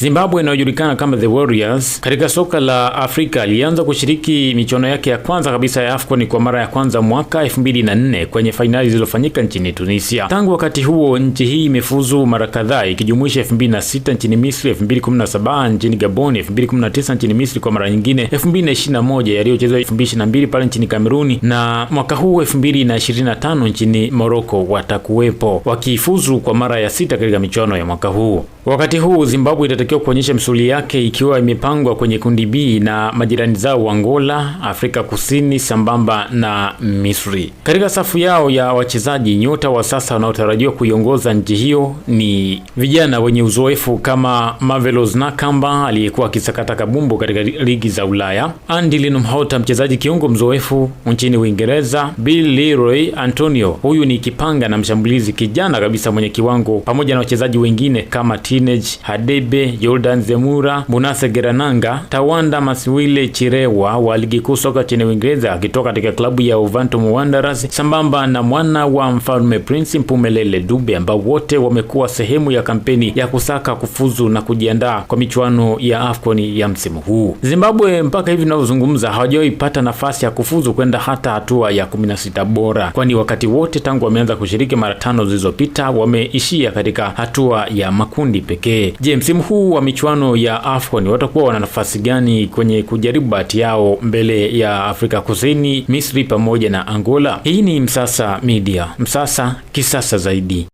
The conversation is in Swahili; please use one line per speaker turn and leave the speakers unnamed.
Zimbabwe inayojulikana kama The Warriors katika soka la Afrika ilianza kushiriki michuano yake ya kwanza kabisa ya AFCON kwa mara ya kwanza mwaka 2004 kwenye fainali zilizofanyika nchini Tunisia. Tangu wakati huo nchi hii imefuzu mara kadhaa ikijumuisha 2006 nchini Misri, 2017 nchini Gaboni, 2019 nchini Misri kwa mara nyingine, 2021 yaliyochezwa 2022 pale nchini Kameruni na mwaka huu 2025 nchini Morocco watakuwepo wakifuzu kwa mara ya sita katika michuano ya mwaka huu. Wakati huu Zimbabwe anatakiwa kuonyesha msuli yake ikiwa imepangwa kwenye kundi B na majirani zao Angola, Afrika Kusini sambamba na Misri. Katika safu yao ya wachezaji nyota wa sasa wanaotarajiwa kuiongoza nchi hiyo ni vijana wenye uzoefu kama Marvelous Nakamba aliyekuwa akisakata kabumbu katika ligi za Ulaya, Andy Linumhota mchezaji kiungo mzoefu nchini Uingereza, Bill Leroy Antonio huyu ni kipanga na mshambulizi kijana kabisa mwenye kiwango, pamoja na wachezaji wengine kama Teenage Hadebe Jordan Zemura, Munase Gerananga, Tawanda Maswile Chirewa wa ligi kuu soka nchini Uingereza akitoka katika klabu ya Wolverhampton Wanderers sambamba na mwana wa mfalme Prince Mpumelele Dube ambao wote wamekuwa sehemu ya kampeni ya kusaka kufuzu na kujiandaa kwa michuano ya AFCON ya msimu huu. Zimbabwe mpaka hivi tunavyozungumza hawajawahi pata nafasi ya kufuzu kwenda hata hatua ya 16 bora, kwani wakati wote tangu wameanza kushiriki mara tano zilizopita wameishia katika hatua ya makundi pekee. Je, msimu huu wakuu wa michuano ya AFCON watakuwa wana nafasi gani kwenye kujaribu bahati yao mbele ya Afrika Kusini, Misri pamoja na Angola? Hii ni Msasa Media, Msasa kisasa zaidi.